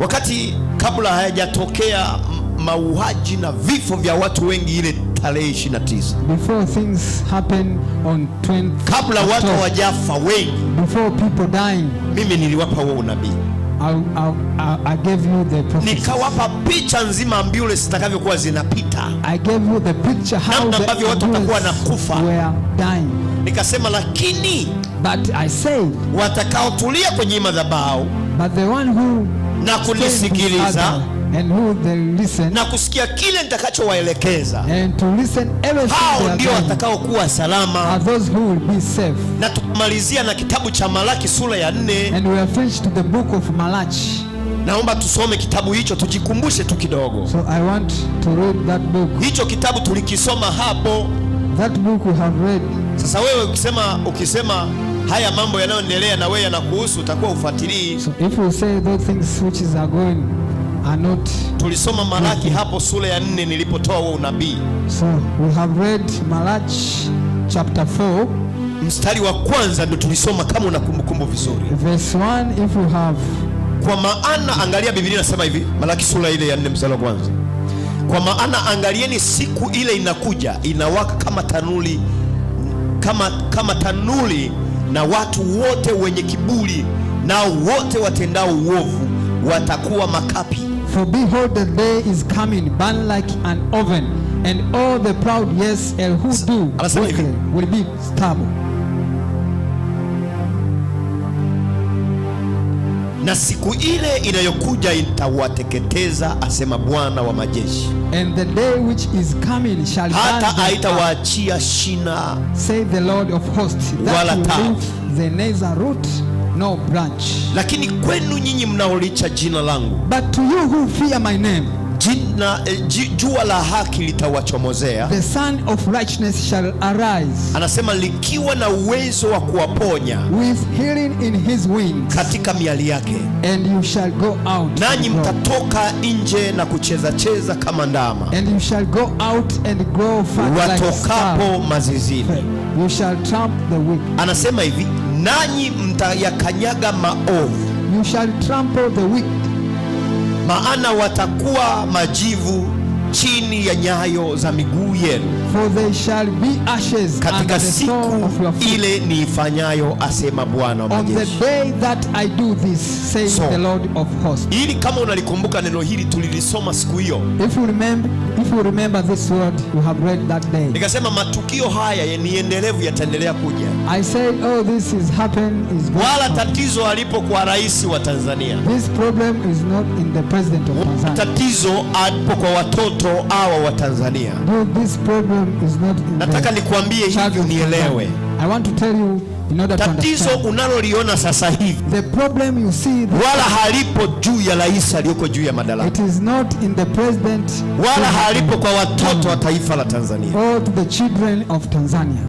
Wakati kabla hayajatokea mauaji na vifo vya watu wengi ile tarehe 29, before things happen on 20, kabla watu wajafa wengi, before people dying, mimi niliwapa wao unabii I, I, I gave you the prophecy. Nikawapa picha nzima ambulance zitakavyokuwa zinapita, I gave you the picture how namna ambavyo watu watakuwa wanakufa. Nikasema lakini, but I say watakaotulia kwenye madhabahu, but the one who na kunisikiliza na kusikia kile nitakachowaelekeza, hao ndio watakaokuwa salama. Na tukamalizia na kitabu cha Malaki sura ya nne. Naomba tusome kitabu hicho tujikumbushe tu kidogo. So Hicho kitabu tulikisoma hapo That book we have read. Sasa wewe ukisema ukisema haya mambo yanayoendelea na wewe yanakuhusu utakuwa ufuatilii. So if you say those things which is are going are not. Tulisoma Malaki hapo sura ya 4 nilipotoa wewe unabii. So we have read Malachi chapter 4 mstari wa kwanza ndio tulisoma kama una kumbukumbu vizuri. Verse 1 if you have. Kwa maana angalia Biblia inasema hivi Malaki sura ile ya 4 mstari wa kwanza. Kwa maana angalieni, siku ile inakuja inawaka kama tanuli, kama, kama tanuli, na watu wote wenye kiburi nao wote watendao uovu watakuwa makapi. For behold the day is coming burn like an oven and all the proud yes and who do will be stubble na siku ile inayokuja itawateketeza, asema Bwana wa majeshi. And the day which is coming shall hata aitawaachia shina, say the Lord of hosts, that wala taa, the neither root no branch. Lakini kwenu nyinyi mnaolicha jina langu, but to you who fear my name jina eh, jua la haki litawachomozea. The sun of righteousness shall arise. Anasema likiwa na uwezo wa kuwaponya. With healing in his wings. Katika miali yake. And you shall go out. Nanyi mtatoka nje na kucheza cheza kama ndama. And you shall go out and grow fat like mazizini. You shall tramp the weak. Anasema hivi, nanyi mtayakanyaga maovu. You shall trample the wicked maana watakuwa majivu chini ya nyayo za miguu yenu, for they shall be ashes katika siku ile niifanyayo, asema Bwana wa majeshi. On the day that I do this, says so, the Lord of hosts. Ili kama unalikumbuka neno hili tulilisoma siku hiyo, if you remember, if you remember this word you have read that day. Nikasema matukio haya ni endelevu, yataendelea kuja. I said oh this is happen is going wala tatizo alipo kwa rais wa Tanzania, this problem is not in the president of Tanzania, tatizo alipo kwa watoto watoto toawa wa Tanzania. Nataka nikuambie hivi unielewe. I want to tell you in order tatizo to unaloliona sasa hivi the problem you see the wala halipo juu ya rais aliyoko juu ya madaraka. It is not in the president wala halipo kwa watoto wa taifa la Tanzania or to the children of Tanzania.